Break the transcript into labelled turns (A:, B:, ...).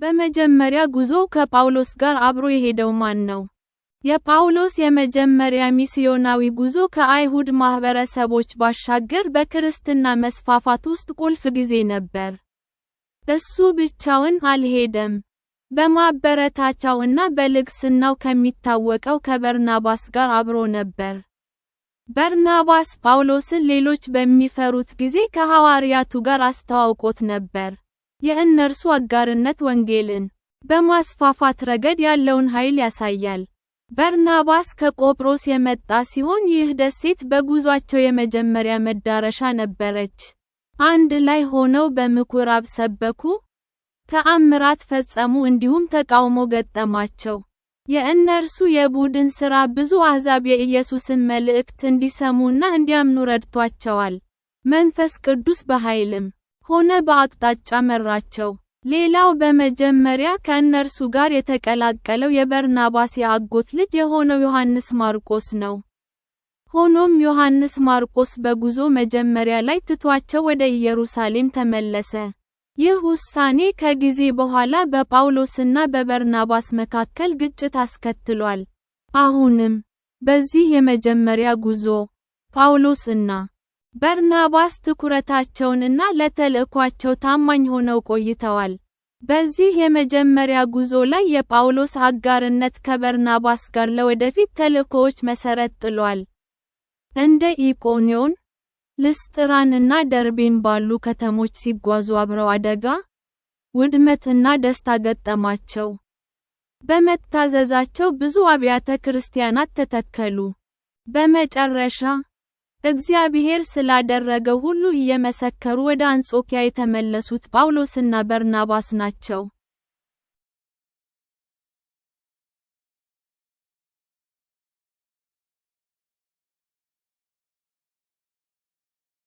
A: በመጀመሪያ ጉዞ ከጳውሎስ ጋር አብሮ የሄደው ማን ነው? የጳውሎስ የመጀመሪያ ሚስዮናዊ ጉዞ ከአይሁድ ማኅበረሰቦች ባሻገር በክርስትና መስፋፋት ውስጥ ቁልፍ ጊዜ ነበር። እሱ ብቻውን አልሄደም። በማበረታቻውና በልግስናው ከሚታወቀው ከበርናባስ ጋር አብሮ ነበር። በርናባስ ጳውሎስን ሌሎች በሚፈሩት ጊዜ ከሐዋርያቱ ጋር አስተዋውቆት ነበር። የእነርሱ አጋርነት ወንጌልን በማስፋፋት ረገድ ያለውን ኃይል ያሳያል። በርናባስ ከቆጵሮስ የመጣ ሲሆን ይህ ደሴት በጉዟቸው የመጀመሪያ መዳረሻ ነበረች። አንድ ላይ ሆነው በምኩራብ ሰበኩ፣ ተአምራት ፈጸሙ እንዲሁም ተቃውሞ ገጠማቸው። የእነርሱ የቡድን ሥራ ብዙ አሕዛብ የኢየሱስን መልእክት እንዲሰሙና እንዲያምኑ ረድቷቸዋል። መንፈስ ቅዱስ በኃይልም ሆነ በአቅጣጫ መራቸው። ሌላው በመጀመሪያ ከእነርሱ ጋር የተቀላቀለው የበርናባስ የአጎት ልጅ የሆነው ዮሐንስ ማርቆስ ነው። ሆኖም ዮሐንስ ማርቆስ በጉዞ መጀመሪያ ላይ ትቷቸው ወደ ኢየሩሳሌም ተመለሰ። ይህ ውሳኔ ከጊዜ በኋላ በጳውሎስና በበርናባስ መካከል ግጭት አስከትሏል። አሁንም በዚህ የመጀመሪያ ጉዞ ጳውሎስና በርናባስ ትኩረታቸውንና ለተልእኳቸው ታማኝ ሆነው ቆይተዋል። በዚህ የመጀመሪያ ጉዞ ላይ የጳውሎስ አጋርነት ከበርናባስ ጋር ለወደፊት ተልእኮዎች መሠረት ጥሏል። እንደ ኢቆንዮን፣ ልስጥራንና ደርቤን ባሉ ከተሞች ሲጓዙ አብረው አደጋ፣ ውድመትና ደስታ ገጠማቸው። በመታዘዛቸው ብዙ አብያተ ክርስቲያናት ተተከሉ። በመጨረሻ እግዚአብሔር ስላደረገው ሁሉ እየመሰከሩ ወደ አንጾኪያ የተመለሱት ጳውሎስና በርናባስ ናቸው።